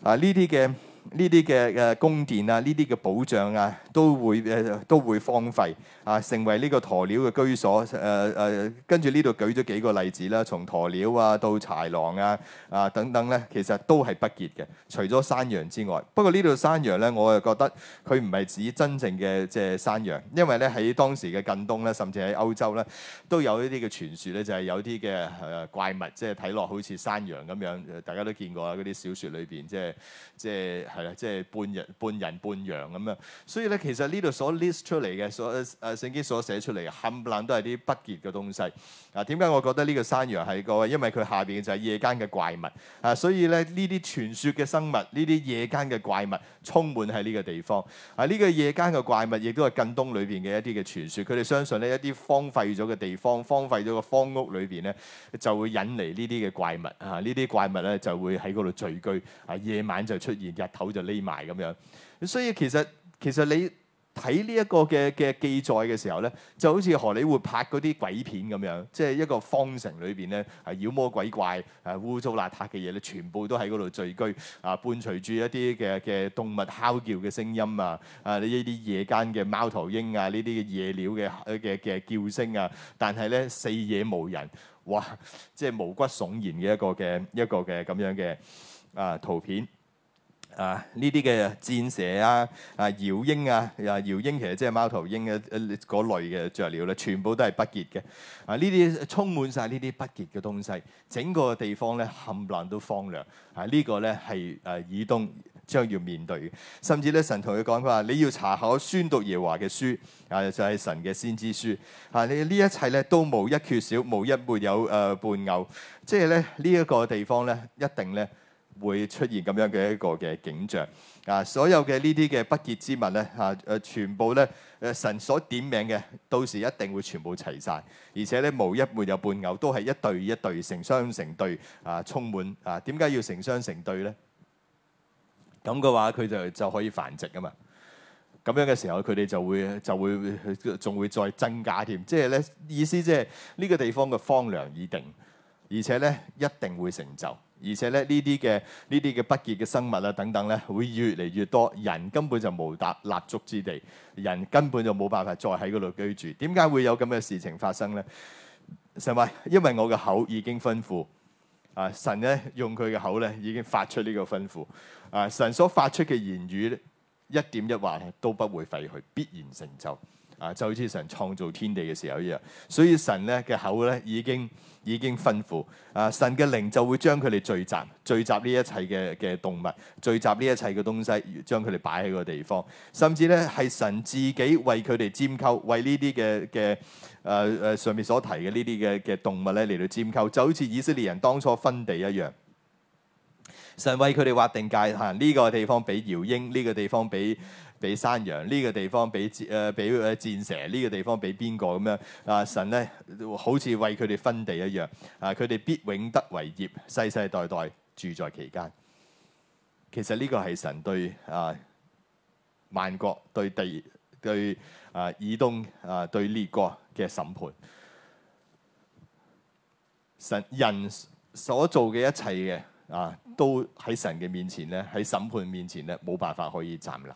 A: 啊呢啲嘅。呢啲嘅誒宮殿啊，呢啲嘅保障啊，都會誒、呃、都會荒廢啊，成為呢個鴕鳥嘅居所誒誒。跟住呢度舉咗幾個例子啦，從鴕鳥啊到豺狼啊啊等等咧，其實都係不潔嘅，除咗山羊之外。不過呢度山羊咧，我就覺得佢唔係指真正嘅即係山羊，因為咧喺當時嘅近東咧，甚至喺歐洲咧，都有一啲嘅傳説咧，就係有啲嘅誒怪物，即係睇落好似山羊咁樣，大家都見過啦，嗰啲小説裏邊即係即係。係啦，即係半人半人半羊咁樣，所以咧其實呢度所 list 出嚟嘅，所誒聖、啊、經所寫出嚟冚唪唥都係啲不潔嘅東西。啊，點解我覺得呢個山羊係、那個？因為佢下邊就係夜間嘅怪物啊，所以咧呢啲傳説嘅生物，呢啲夜間嘅怪物，充滿喺呢個地方。啊，呢、這個夜間嘅怪物亦都係近東裏邊嘅一啲嘅傳説。佢哋相信呢一啲荒廢咗嘅地方、荒廢咗嘅荒屋裏邊咧，就會引嚟呢啲嘅怪物啊！呢啲怪物咧就會喺嗰度聚居啊，夜晚就出現日。口就匿埋咁樣，所以其實其實你睇呢一個嘅嘅記載嘅時候咧，就好似荷里活拍嗰啲鬼片咁樣，即係一個方城裏邊咧，係妖魔鬼怪、係污糟邋遢嘅嘢，咧全部都喺嗰度聚居，啊，伴隨住一啲嘅嘅動物哮叫嘅聲音啊，啊，呢啲夜間嘅貓頭鷹啊，呢啲嘅夜鳥嘅嘅嘅叫聲啊，但係咧四野無人，哇！即係毛骨悚然嘅一個嘅一個嘅咁樣嘅啊圖片。啊！呢啲嘅戰蛇啊，啊鷂鷹啊，鷂鷹其實即係貓頭鷹嘅嗰類嘅雀料，啦，全部都係不潔嘅。啊！呢啲充滿晒呢啲不潔嘅東西，整個地方咧冚唪唥都荒涼。啊！呢個咧係誒以東將要面對嘅。甚至咧神同佢講，佢話你要查考宣讀耶華嘅書啊，就係神嘅先知書。啊！呢呢一切咧都無一缺少，無一沒有誒伴偶。即係咧呢一個地方咧一定咧。會出現咁樣嘅一個嘅景象啊！所有嘅呢啲嘅不潔之物咧啊誒，全部咧誒、啊、神所點名嘅，到時一定會全部齊晒。而且咧無一沒有伴偶，都係一對一對成雙成對啊！充滿啊！點解要成雙成對咧？咁嘅話，佢就就可以繁殖啊嘛！咁樣嘅時候，佢哋就會就會仲會，會再增加添，即係咧意思，就是，即係呢個地方嘅荒涼已定，而且咧一定會成就。而且咧，呢啲嘅呢啲嘅不潔嘅生物啊，等等咧，會越嚟越多，人根本就無達立足之地，人根本就冇辦法再喺嗰度居住。點解會有咁嘅事情發生咧？神話，因為我嘅口已經吩咐啊，神咧用佢嘅口咧已經發出呢個吩咐啊，神所發出嘅言語一點一話都不會廢去，必然成就。啊，就好似神創造天地嘅時候一樣，所以神咧嘅口咧已經已經吩咐啊，神嘅靈就會將佢哋聚集，聚集呢一切嘅嘅動物，聚集呢一切嘅東西，將佢哋擺喺個地方，甚至咧係神自己為佢哋占溝，為呢啲嘅嘅誒誒上面所提嘅呢啲嘅嘅動物咧嚟到占溝，就好似以色列人當初分地一樣，神為佢哋劃定界限、這、呢個地方俾搖英，呢、這個地方俾。俾山羊呢，這個地方，俾誒俾誒戰蛇呢，這個地方，俾邊個咁樣啊？神咧好似為佢哋分地一樣啊！佢哋必永得為業，世世代代住在其間。其實呢個係神對啊萬國、對地、對啊以東啊、對列國嘅審判。神人所做嘅一切嘅啊，都喺神嘅面前咧，喺審判面前咧，冇辦法可以站立。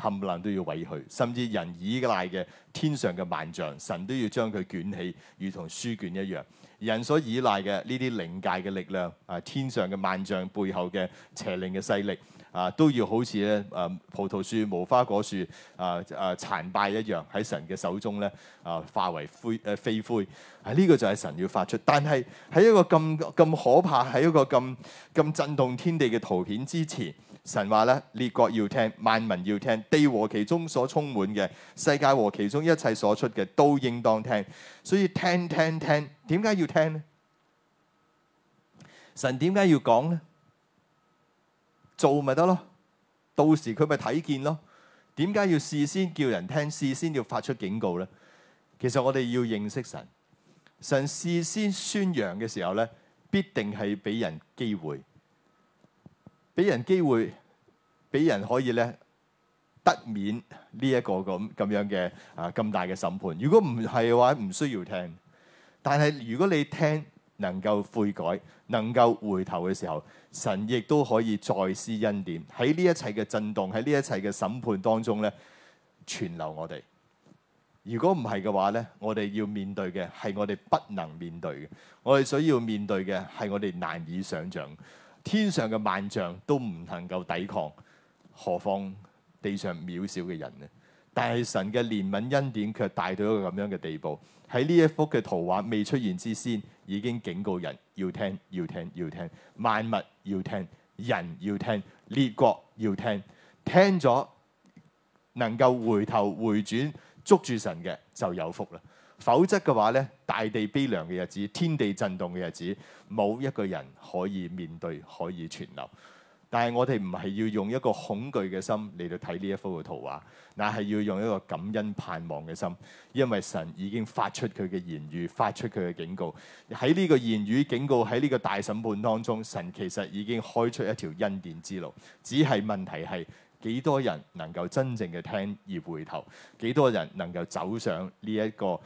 A: 冚唪唥都要毀去，甚至人倚賴嘅天上嘅萬象，神都要將佢捲起，如同書卷一樣。人所倚賴嘅呢啲靈界嘅力量啊，天上嘅萬象背後嘅邪靈嘅勢力啊，都要好似咧誒葡萄樹、無花果樹啊啊殘敗一樣，喺神嘅手中咧啊化為灰誒飛、呃、灰。呢、啊這個就係神要發出，但係喺一個咁咁可怕，喺一個咁咁震動天地嘅圖片之前。神話咧，列國要聽，萬民要聽，地和其中所充滿嘅，世界和其中一切所出嘅，都應當聽。所以聽聽聽，點解要聽呢？神點解要講呢？做咪得咯？到時佢咪睇見咯？點解要事先叫人聽，事先要發出警告呢？其實我哋要認識神，神事先宣揚嘅時候呢，必定係俾人機會。俾人機會，俾人可以咧得免呢一個咁咁樣嘅啊咁大嘅審判。如果唔係嘅話，唔需要聽。但係如果你聽，能夠悔改，能夠回頭嘅時候，神亦都可以再施恩典。喺呢一切嘅震動，喺呢一切嘅審判當中咧，存留我哋。如果唔係嘅話咧，我哋要面對嘅係我哋不能面對嘅，我哋所要面對嘅係我哋難以想像。天上嘅萬象都唔能夠抵抗，何況地上渺小嘅人呢？但係神嘅憐憫恩典卻大到一個咁樣嘅地步。喺呢一幅嘅圖畫未出現之先，已經警告人要聽，要聽，要聽，萬物要聽，人要聽，列國要聽，聽咗能夠回頭回轉捉住神嘅就有福啦。否則嘅話咧，大地悲涼嘅日子，天地震動嘅日子，冇一個人可以面對，可以存留。但係我哋唔係要用一個恐懼嘅心嚟到睇呢一幅嘅圖畫，而係要用一個感恩盼望嘅心，因為神已經發出佢嘅言語，發出佢嘅警告。喺呢個言語警告，喺呢個大審判當中，神其實已經開出一條恩典之路，只係問題係，幾多人能夠真正嘅聽而回頭，幾多人能夠走上呢一個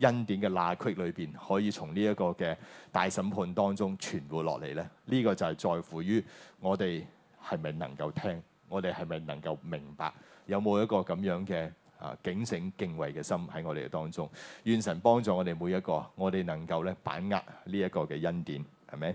A: 恩典嘅罅隙裏邊，可以從呢一個嘅大審判當中存活落嚟咧？呢、呢個就係在乎於我哋係咪能夠聽，我哋係咪能夠明白，有冇一個咁樣嘅啊警醒敬畏嘅心喺我哋嘅當中？願神幫助我哋每一個，我哋能夠咧把握呢一個嘅恩典，係咪？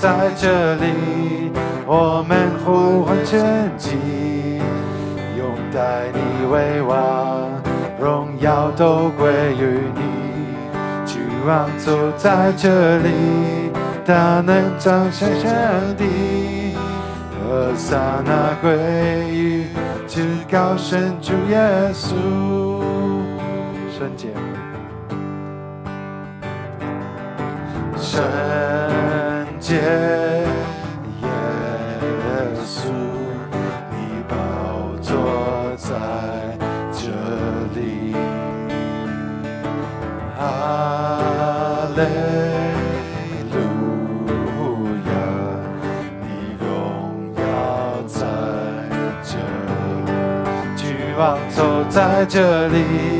B: 在這裏，我們呼喚天主，擁戴你為王，榮耀都歸於你。希望就在這裏，他能戰勝上帝，和撒那歸於至高神主耶穌。聖潔，耶！耶穌，你寶座在這裡。哈利路亞，你榮耀在這裡，巨王走在這裡。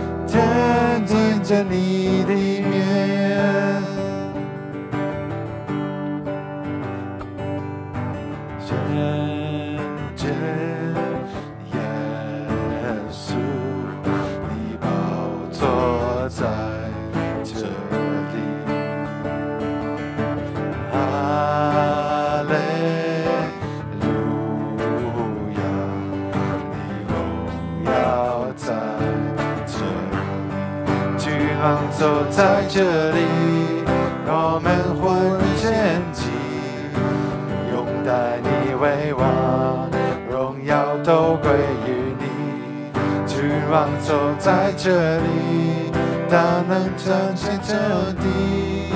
B: 聖潔耶穌，你寶座在前。走在這裏，我們婚前記，擁戴你為王，榮耀都歸於你。君王走在這裏，他能彰顯真理，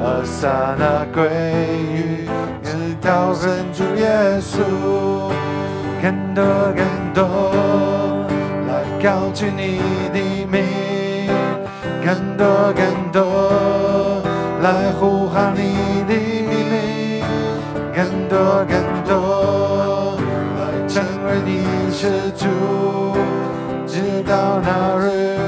B: 和散那歸於引要拯救耶穌。更多更多，來高舉你的名。更多更多，來呼喊你的名，更多更多，來承認你是主，直到那日。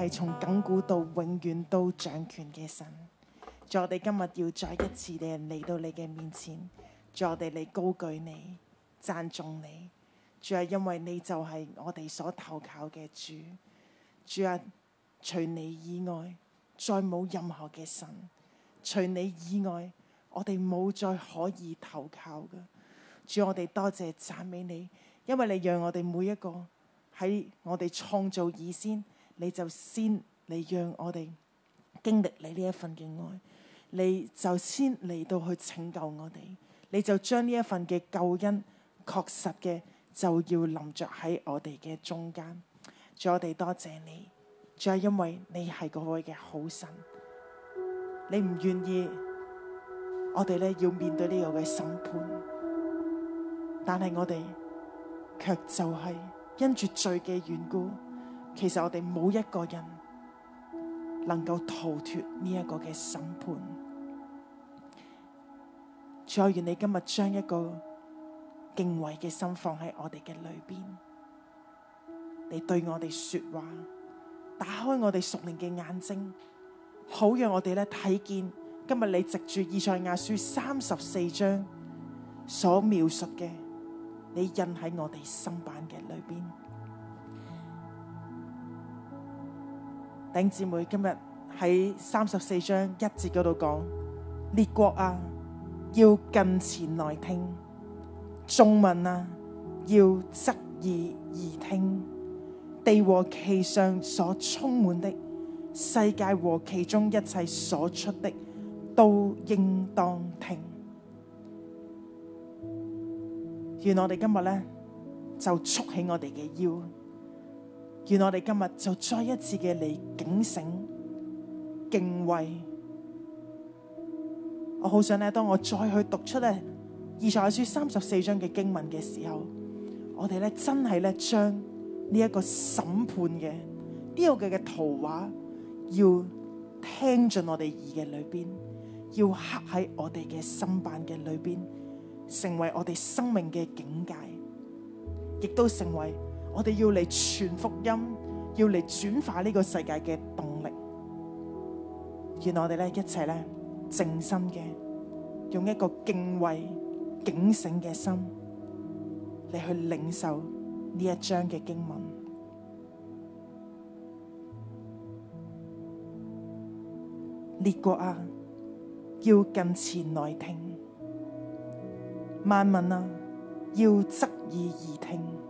C: 係從亙古到永遠都掌權嘅神，主，我哋今日要再一次地嚟到你嘅面前，主，我哋嚟高舉你、讚頌你，主係因為你就係我哋所投靠嘅主，主啊，除你以外再冇任何嘅神，除你以外我哋冇再可以投靠嘅。主，我哋多謝讚美你，因為你讓我哋每一個喺我哋創造以先。你就先你讓我哋經歷你呢一份嘅愛，你就先嚟到去拯救我哋，你就將呢一份嘅救恩確實嘅就要臨着喺我哋嘅中間。仲有我哋多謝你，仲係因為你係各位嘅好神，你唔願意我哋咧要面對呢個嘅審判，但係我哋卻就係因住罪嘅緣故。其實我哋冇一個人能夠逃脱呢一個嘅審判。再願你今日將一個敬畏嘅心放喺我哋嘅裏邊，你對我哋說話，打開我哋屬靈嘅眼睛，好讓我哋咧睇見今日你藉住以賽亞書三十四章所描述嘅，你印喺我哋心版嘅裏邊。頂姊妹今日喺三十四章一節嗰度講，列國啊，要近前來聽；眾民啊，要側耳而聽；地和其上所充滿的，世界和其中一切所出的，都應當聽。原來我哋今日咧，就束起我哋嘅腰。願我哋今日就再一次嘅嚟警醒、敬畏。我好想咧，當我再去讀出咧《以賽亞書》三十四章嘅經文嘅時候，我哋咧真係咧將呢一個審判嘅呢、這個嘅嘅圖畫，要聽進我哋耳嘅裏邊，要刻喺我哋嘅心瓣嘅裏邊，成為我哋生命嘅境界，亦都成為。我哋要嚟傳福音，要嚟轉化呢個世界嘅動力。原來我哋咧一齊咧靜心嘅，用一個敬畏警醒嘅心嚟去領受呢一章嘅經文。列國啊，要近前來聽；萬民啊，要側耳而聽。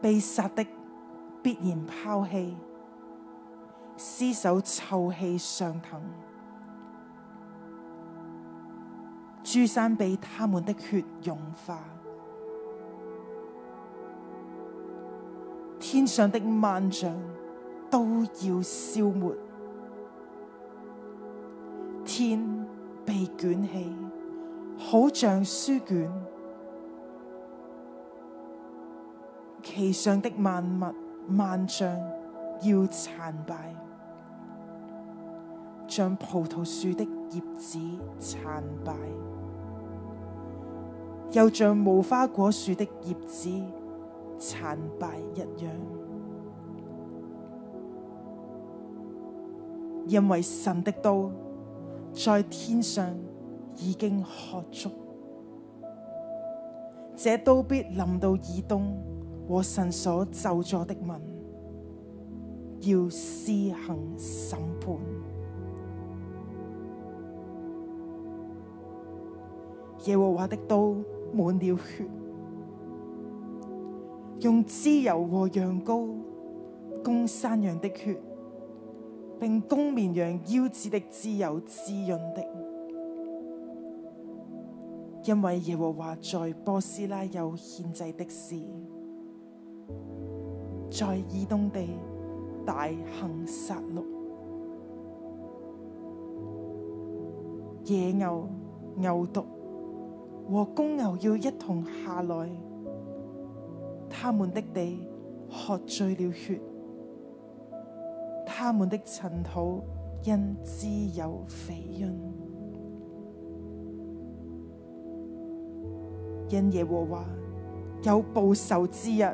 C: 被殺的必然拋棄，屍首臭氣上騰，諸山被他們的血融化，天上的萬象都要消沒，天被捲起，好像書卷。其上的萬物萬象要殘敗，像葡萄樹的葉子殘敗，又像無花果樹的葉子殘敗一樣，因為神的刀在天上已經喝足，這刀必臨到以東。和神所咒詛的民要施行審判，耶和華的刀滿了血，用脂油和羊羔、公山羊的血，並公綿羊腰子的脂油滋潤的，因為耶和華在波斯拉有獻祭的事。在以東地大行殺戮，野牛、牛犢和公牛要一同下來，他們的地喝醉了血，他們的塵土因脂油肥潤，因耶和華有報仇之日。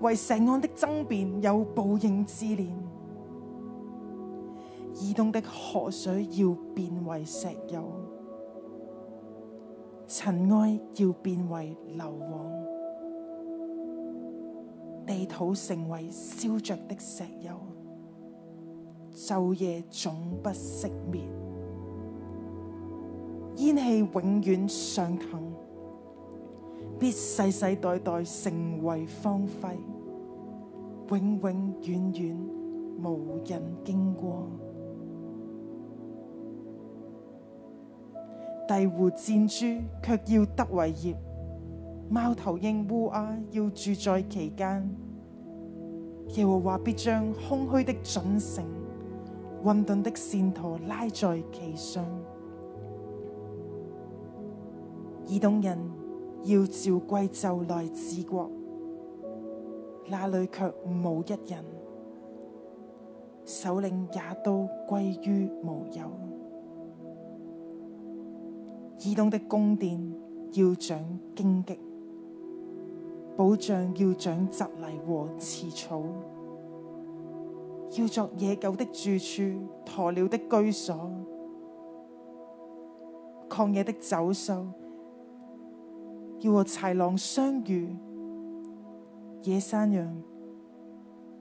C: 為錫安的爭辯有報應之年，以東的河水要變為石油，塵埃要變為硫磺，地土成為燒着的石油，晝夜總不熄滅，煙氣永遠上騰。必世世代代成為荒廢，永永遠遠，遠無人經過。鵜鶘箭豬卻要得為業，貓頭鷹烏鴉要住在其間。耶和華必將空虛的準繩、混沌的線鉈，拉在其上，以東人，要召貴胄來治國，那裏卻無一人，首領也都歸於無有。以東的宮殿要長荊棘，保障要長雜泥和刺草，要作野狗的住處，鴕鳥的居所，曠野的走獸，要和豺狼相遇，野山羊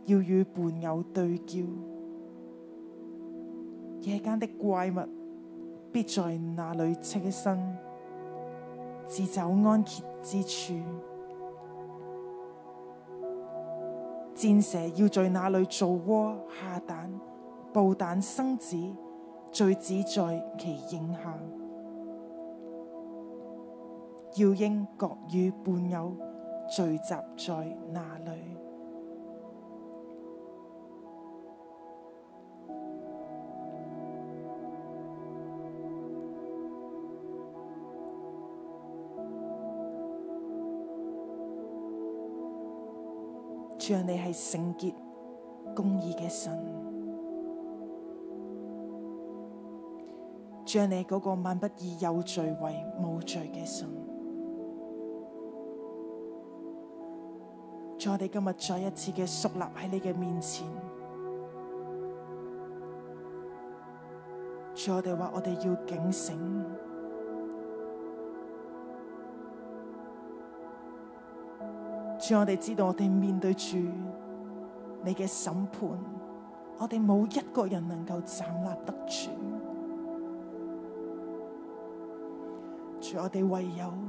C: 要與伴偶對叫，夜間的怪物必在那裏棲身，自找安歇之處；戰蛇要在那裏做窩下蛋，布蛋生子，聚子在其影下。要應國語，伴有聚集在那裏。像你係聖潔公義嘅神，像你嗰個萬不以有罪為無罪嘅神。主我哋今日再一次嘅肅立喺你嘅面前，主我哋話我哋要警醒，主我哋知道我哋面對住你嘅審判，我哋冇一個人能夠站立得住，主我哋唯有。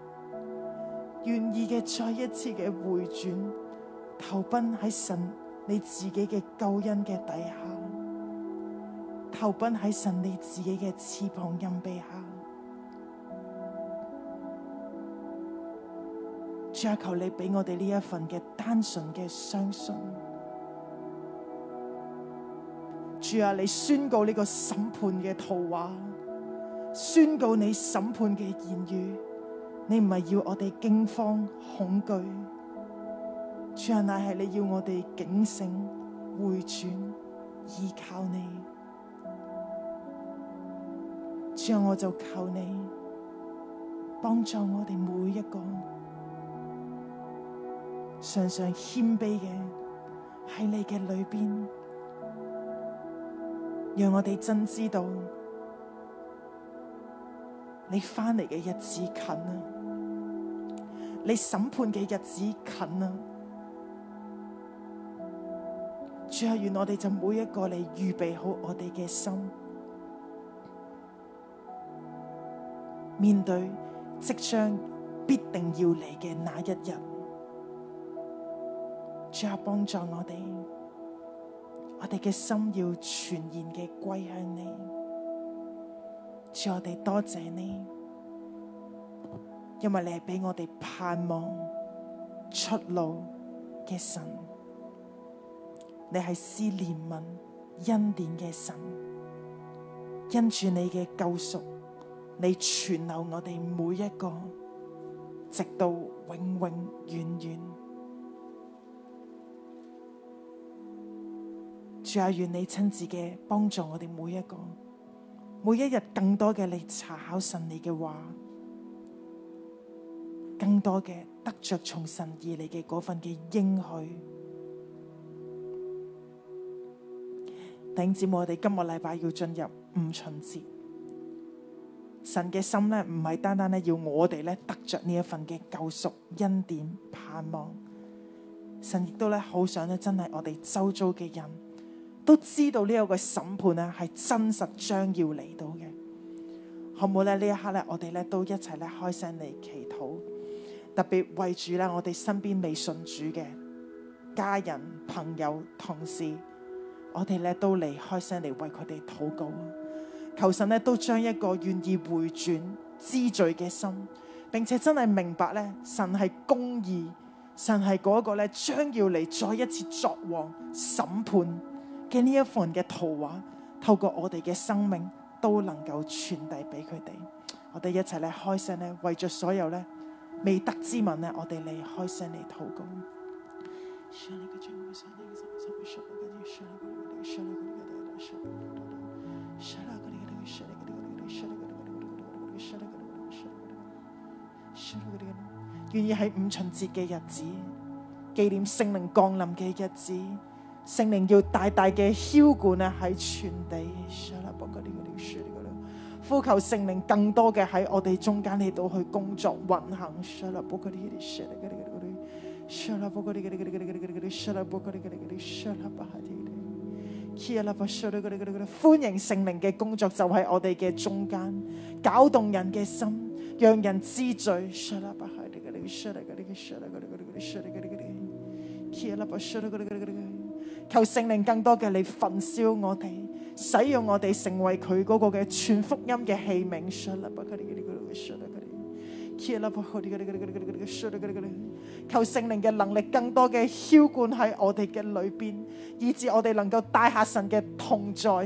C: 願意嘅再一次嘅回轉，投奔喺神你自己嘅救恩嘅底下，投奔喺神你自己嘅翅膀蔭庇下。主求你俾我哋呢一份嘅單純嘅相信。主啊，你宣告呢個審判嘅圖畫，宣告你審判嘅言語。你唔係要我哋驚慌恐懼，主要係你要我哋警醒回轉，依靠你。主要我就靠你，幫助我哋每一個常常謙卑嘅喺你嘅裏邊，讓我哋真知道。你翻嚟嘅日子近啊，你審判嘅日子近啊。主啊，願我哋就每一個你預備好我哋嘅心，面對即將必定要嚟嘅那一日，主啊，幫助我哋，我哋嘅心要全然嘅歸向你。主，祝我哋多謝你，因為你係俾我哋盼望出路嘅神，你係施憐憫、恩典嘅神，因住你嘅救贖，你存留我哋每一個，直到永永遠遠。主啊，願你親自嘅幫助我哋每一個。每一日更多嘅你查考神你嘅話，更多嘅得着從神而嚟嘅嗰份嘅應許。弟兄姊妹，我哋今個禮拜要進入五旬節。神嘅心咧，唔係單單咧要我哋咧得着呢一份嘅救贖恩典盼望，神亦都咧好想咧真係我哋周遭嘅人，都知道呢一個審判咧係真實將要嚟到嘅，好唔好咧？呢一刻咧，我哋咧都一齊咧開聲嚟祈禱，特別為住咧我哋身邊未信主嘅家人、朋友、同事，我哋咧都嚟開聲嚟為佢哋禱告，求神咧都將一個願意回轉知罪嘅心，並且真係明白咧神係公義，神係嗰個咧將要嚟再一次作王審判。嘅呢一份嘅圖畫，透過我哋嘅生命都能夠傳遞俾佢哋。我哋一齊咧開聲咧，為着所有咧未得之民咧，我哋嚟開聲嚟禱告。願意喺五旬節嘅日子，紀念聖靈降臨嘅日子。聖靈要大大嘅澆灌啊，喺全地呼求聖靈更多嘅喺我哋中間呢度去工作運行。歡迎聖靈嘅工作就喺我哋嘅中間，搞動人嘅心，讓人知罪。歡迎聖靈嘅工作就喺我哋嘅中間，搞動人嘅心，讓人知罪。求聖靈更多嘅嚟焚燒我哋，使用我哋成為佢嗰個嘅全福音嘅器皿。求聖靈嘅能力更多嘅澆灌喺我哋嘅裏邊，以致我哋能夠帶下神嘅同在。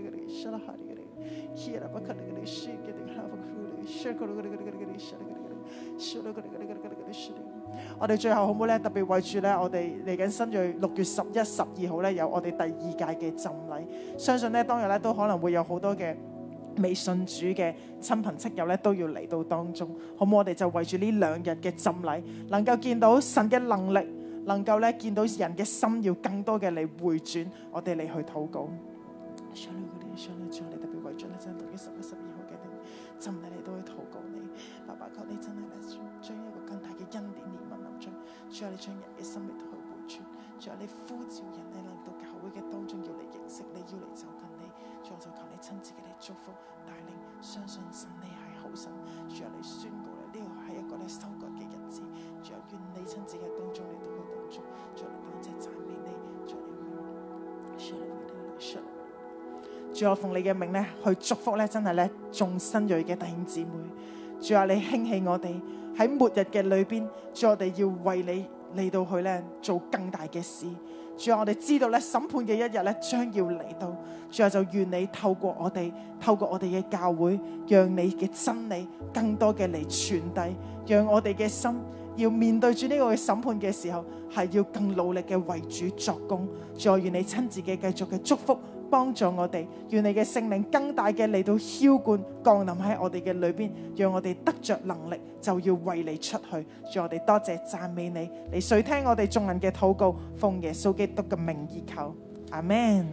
C: 我哋最後好唔好呢，特別為住呢，我哋嚟緊新銳六月十一、十二號呢，有我哋第二屆嘅浸禮。相信呢，當日呢，都可能會有好多嘅未信主嘅親朋戚友呢，都要嚟到當中，好唔好？我哋就為住呢兩日嘅浸禮，能夠見到神嘅能力，能夠呢見到人嘅心要更多嘅嚟回轉，我哋嚟去禱告。上帝嚟你，特別為咗你真，對於十一、十二號嘅人，真係你都去禱告你，爸爸求你真係咧，將一個更大嘅恩典憐憫臨在，主啊你將人嘅心靈都去回轉，主啊你呼召人你嚟到教會嘅當中要嚟認識你，要嚟走近你，主啊就求你親自嘅祝福帶領，相信神你係好神，好主啊你宣告咧，呢個係一個咧收割嘅日子，主啊願你親自嘅當中你都去帶主，主啊。主啊，奉你嘅命咧，去祝福咧，真係咧眾新裔嘅弟兄姊妹。主啊，你興起我哋喺末日嘅裏邊，主啊，我哋要為你嚟到去咧做更大嘅事。主啊，我哋知道咧審判嘅一日咧將要嚟到。主啊，就願你透過我哋，透過我哋嘅教會，讓你嘅真理更多嘅嚟傳遞，讓我哋嘅心要面對住呢個審判嘅時候，係要更努力嘅為主作工。主啊，願你親自嘅繼續嘅祝福。幫助我哋，願你嘅聖靈更大嘅嚟到澆灌降臨喺我哋嘅裏邊，讓我哋得着能力就要為你出去，讓我哋多謝讚美你，嚟垂聽我哋眾人嘅禱告，奉耶穌基督嘅名而求，阿門。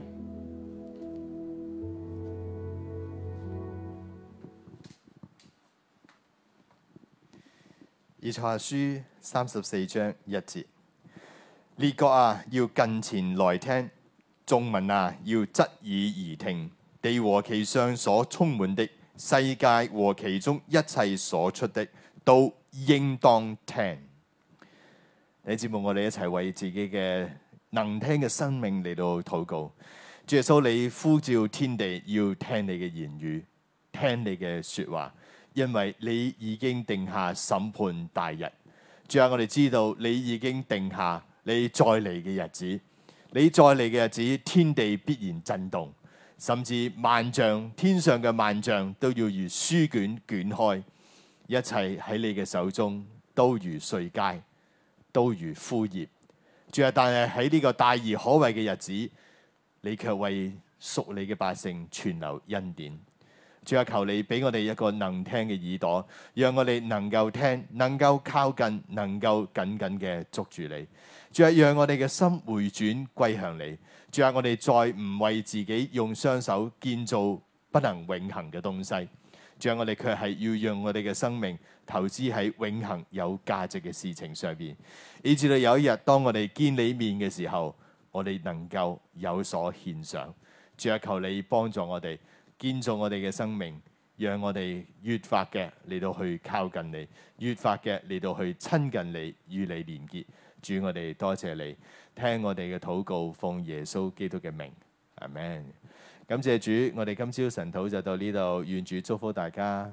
A: 以賽亞書三十四章一節，列國啊，要近前來聽。眾民啊，要側耳而聽，地和其上所充滿的，世界和其中一切所出的，都應當聽。 [MUSIC] 弟兄姊妹，我哋一齊為自己嘅能聽嘅生命嚟到禱告。主耶穌，你呼召天地要聽你嘅言語，聽你嘅說話，因為你已經定下審判大日。主啊，我哋知道你已經定下你再嚟嘅日子。你再嚟嘅日子，天地必然震動，甚至萬象，天上嘅萬象都要如書卷捲開，一切喺你嘅手中都如碎階，都如枯葉。主啊，但係喺呢個大而可畏嘅日子，你卻為屬你嘅百姓存留恩典。主啊，求你俾我哋一個能聽嘅耳朵，讓我哋能夠聽，能夠靠近，能夠緊緊嘅捉住你。著讓我哋嘅心回轉歸向你，著我哋再唔為自己用雙手建造不能永恒嘅東西。著我哋卻係要讓我哋嘅生命投資喺永恒有價值嘅事情上面，以至到有一日當我哋見你面嘅時候，我哋能夠有所獻上。著求你幫助我哋建造我哋嘅生命，讓我哋越發嘅嚟到去靠近你，越發嘅嚟到去親近你，與你連結。主我哋多謝你，聽我哋嘅禱告，奉耶穌基督嘅名，阿門。感謝主，我哋今朝晨禱就到呢度，願主祝福大家。